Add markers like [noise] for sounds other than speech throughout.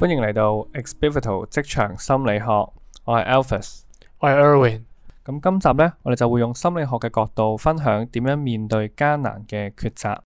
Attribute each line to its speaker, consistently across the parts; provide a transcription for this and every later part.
Speaker 1: 歡迎嚟到 Exhibital 職場心理學，我係 Alfus，我係 Erwin。咁今集咧，我哋就會用心理學嘅角度，分享點樣面對艱難嘅抉擇。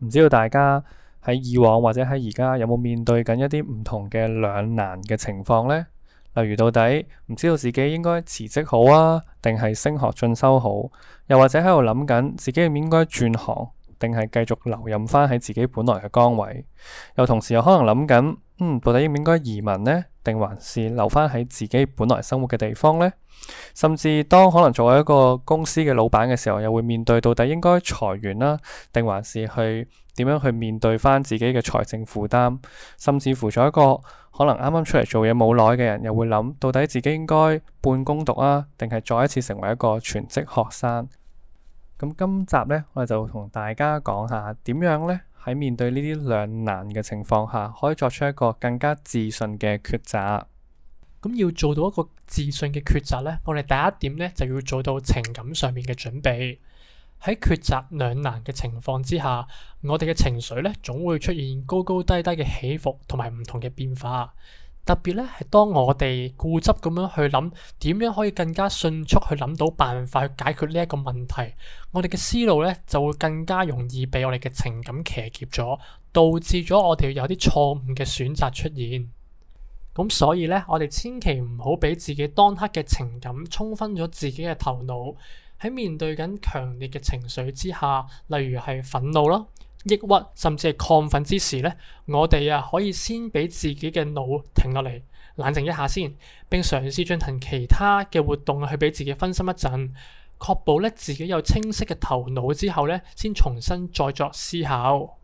Speaker 1: 唔 [music] 知道大家喺以往或者喺而家有冇面對緊一啲唔同嘅兩難嘅情況呢？例如到底唔知道自己應該辭職好啊，定係升學進修好？又或者喺度諗緊自己應唔應該轉行，定係繼續留任翻喺自己本來嘅崗位？又同時又可能諗緊，嗯，到底應唔應該移民呢？定還是留翻喺自己本來生活嘅地方呢？甚至當可能作為一個公司嘅老闆嘅時候，又會面對到底應該裁員啦、啊，定還是去？點樣去面對翻自己嘅財政負擔，甚至乎做一個可能啱啱出嚟做嘢冇耐嘅人，又會諗到底自己應該半工讀啊，定係再一次成為一個全職學生？咁今集呢，我哋就同大家講下點樣呢，喺面對呢啲兩難嘅情況下，可以作出一個更加自信嘅抉擇。
Speaker 2: 咁要做到一個自信嘅抉擇呢，我哋第一點呢，就要做到情感上面嘅準備。喺抉擇兩難嘅情況之下，我哋嘅情緒咧總會出現高高低低嘅起伏同埋唔同嘅變化。特別咧係當我哋固執咁樣去諗，點樣可以更加迅速去諗到辦法去解決呢一個問題，我哋嘅思路咧就會更加容易俾我哋嘅情感騎劫咗，導致咗我哋有啲錯誤嘅選擇出現。咁所以咧，我哋千祈唔好俾自己當刻嘅情感沖昏咗自己嘅頭腦。喺面對緊強烈嘅情緒之下，例如係憤怒囉、抑鬱，甚至係亢奮之時呢，我哋啊可以先俾自己嘅腦停落嚟，冷靜一下先，並嘗試進行其他嘅活動去俾自己分心一陣，確保咧自己有清晰嘅頭腦之後呢，先重新再作思考。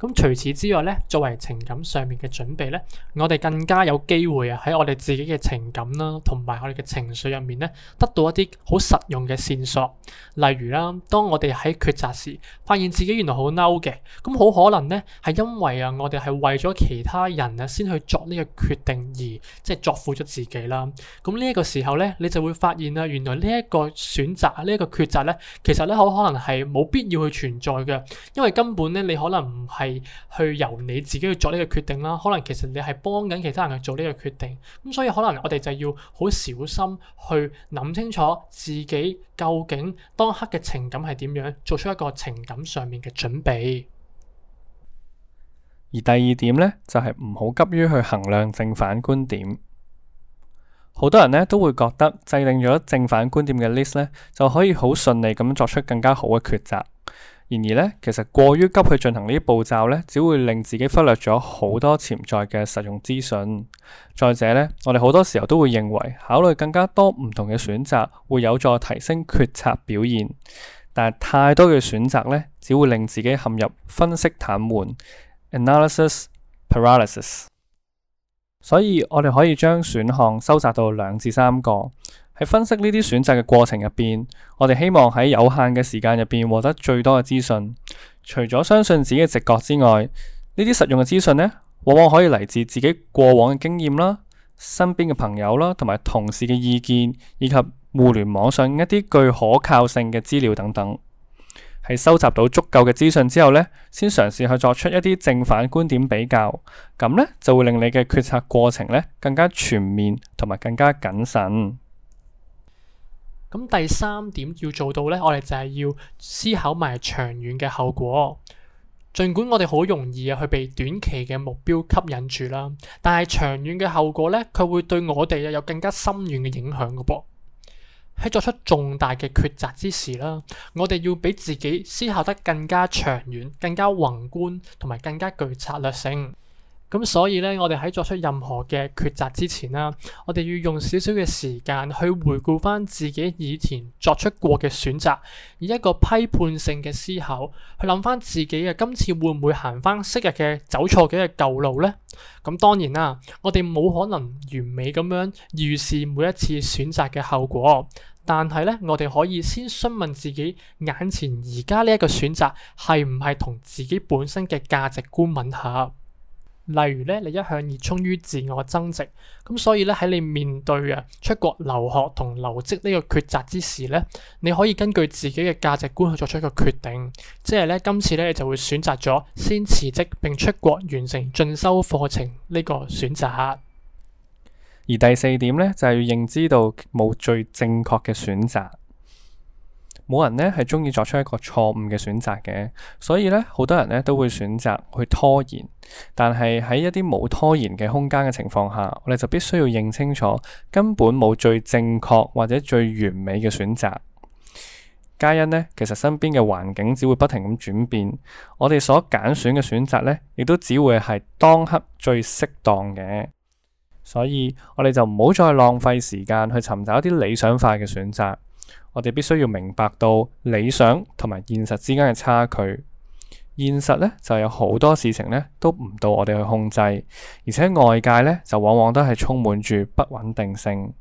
Speaker 2: 咁除此之外咧，作為情感上面嘅準備咧，我哋更加有機會啊喺我哋自己嘅情感啦、啊，同埋我哋嘅情緒入面咧，得到一啲好實用嘅線索。例如啦、啊，當我哋喺抉擇時，發現自己原來好嬲嘅，咁好可能咧係因為啊，我哋係為咗其他人啊先去作呢個決定，而即係作負咗自己啦。咁呢一個時候咧，你就會發現啊，原來呢一個選擇、這個、呢一個抉擇咧，其實咧好可能係冇必要去存在嘅，因為根本咧你可能唔係。去由你自己去做呢個決定啦，可能其實你係幫緊其他人去做呢個決定，咁所以可能我哋就要好小心去諗清楚自己究竟當刻嘅情感係點樣，做出一個情感上面嘅準備。
Speaker 1: 而第二點呢，就係唔好急於去衡量正反觀點。好多人呢都會覺得制定咗正反觀點嘅 list 呢，就可以好順利咁作出更加好嘅抉擇。然而咧，其實過於急去進行呢啲步驟咧，只會令自己忽略咗好多潛在嘅實用資訊。再者咧，我哋好多時候都會認為考慮更加多唔同嘅選擇會有助提升決策表現，但係太多嘅選擇咧，只會令自己陷入分析癱瘓 （analysis paralysis）。所以我哋可以將選項收窄到兩至三個。喺分析呢啲選擇嘅過程入邊，我哋希望喺有限嘅時間入邊獲得最多嘅資訊。除咗相信自己嘅直覺之外，呢啲實用嘅資訊呢，往往可以嚟自自己過往嘅經驗啦、身邊嘅朋友啦、同埋同事嘅意見，以及互聯網上一啲具可靠性嘅資料等等。喺收集到足夠嘅資訊之後呢，先嘗試去作出一啲正反觀點比較，咁呢就會令你嘅決策過程呢更加全面，同埋更加謹慎。
Speaker 2: 咁第三點要做到咧，我哋就係要思考埋長遠嘅後果。儘管我哋好容易啊，去被短期嘅目標吸引住啦，但係長遠嘅後果咧，佢會對我哋啊有更加深遠嘅影響嘅噃。喺作出重大嘅抉擇之時啦，我哋要俾自己思考得更加長遠、更加宏觀同埋更加具策略性。咁所以咧，我哋喺作出任何嘅抉擇之前啦、啊，我哋要用少少嘅時間去回顧翻自己以前作出過嘅選擇，以一個批判性嘅思考去諗翻自己嘅今次會唔會行翻昔日嘅走錯嘅舊路呢。咁當然啦、啊，我哋冇可能完美咁樣預示每一次選擇嘅後果，但係咧，我哋可以先詢問自己眼前而家呢一個選擇係唔係同自己本身嘅價值觀吻合？例如咧，你一向熱衷於自我增值，咁所以咧，喺你面對啊，出國留學同留職呢個抉擇之時咧，你可以根據自己嘅價值觀去作出一個決定，即係咧，今次咧，你就會選擇咗先辭職並出國完成進修課程呢個
Speaker 1: 選擇。而第四點咧就係要認知到冇最正確嘅選擇。冇人呢係中意作出一個錯誤嘅選擇嘅，所以呢，好多人呢都會選擇去拖延。但係喺一啲冇拖延嘅空間嘅情況下，我哋就必須要認清楚，根本冇最正確或者最完美嘅選擇。皆因呢，其實身邊嘅環境只會不停咁轉變，我哋所揀選嘅選擇呢，亦都只會係當刻最適當嘅。所以我哋就唔好再浪費時間去尋找一啲理想化嘅選擇。我哋必須要明白到理想同埋現實之間嘅差距。現實呢就有好多事情呢都唔到我哋去控制，而且外界呢就往往都係充滿住不穩定性。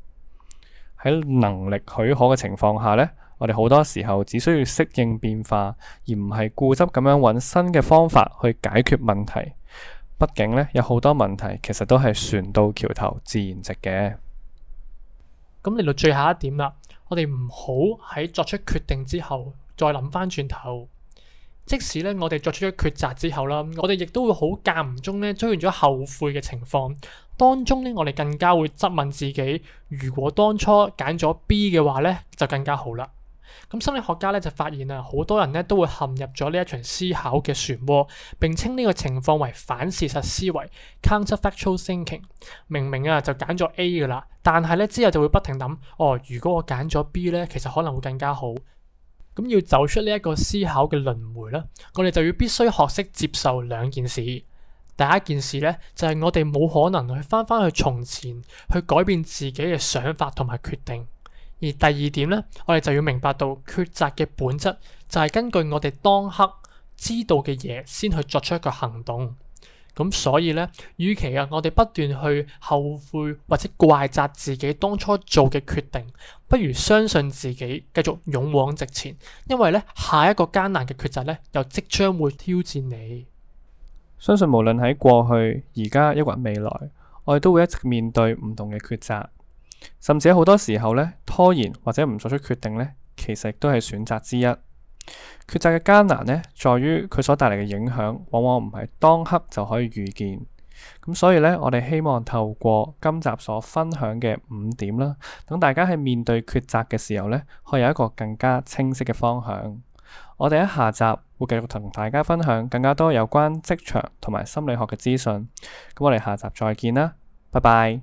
Speaker 1: 喺能力許可嘅情況下呢，我哋好多時候只需要適應變化，而唔係固執咁樣揾新嘅方法去解決問題。畢竟呢，有好多問題其實都係船到橋頭自然直嘅。
Speaker 2: 咁嚟到最後一點啦。我哋唔好喺作出決定之後再諗翻轉頭，即使咧我哋作出咗抉擇之後啦，我哋亦都會好間唔中咧，出現咗後悔嘅情況。當中咧，我哋更加會質問自己：如果當初揀咗 B 嘅話咧，就更加好啦。咁心理學家咧就發現啊，好多人咧都會陷入咗呢一場思考嘅漩渦，並稱呢個情況為反事實思維 （counterfactual thinking）。明明啊就揀咗 A 噶啦，但係咧之後就會不停諗：哦，如果我揀咗 B 咧，其實可能會更加好。咁要走出呢一個思考嘅輪迴咧，我哋就要必須學識接受兩件事。第一件事咧，就係我哋冇可能去返返去從前去改變自己嘅想法同埋決定。而第二點呢，我哋就要明白到抉擇嘅本質就係根據我哋當刻知道嘅嘢，先去作出一個行動。咁所以呢，與其啊我哋不斷去後悔或者怪責自己當初做嘅決定，不如相信自己，繼續勇往直前。因為呢，下一個艱難嘅抉擇呢，又即
Speaker 1: 將會挑戰你。相信無論喺過去、而家、抑或未來，我哋都會一直面對唔同嘅抉擇。甚至好多時候咧，拖延或者唔作出決定咧，其實都係選擇之一。抉擇嘅艱難咧，在於佢所帶嚟嘅影響，往往唔係當刻就可以預見。咁所以呢，我哋希望透過今集所分享嘅五點啦，等大家喺面對抉擇嘅時候呢，可以有一個更加清晰嘅方向。我哋喺下集會繼續同大家分享更加多有關職場同埋心理學嘅資訊。咁我哋下集再見啦，拜拜。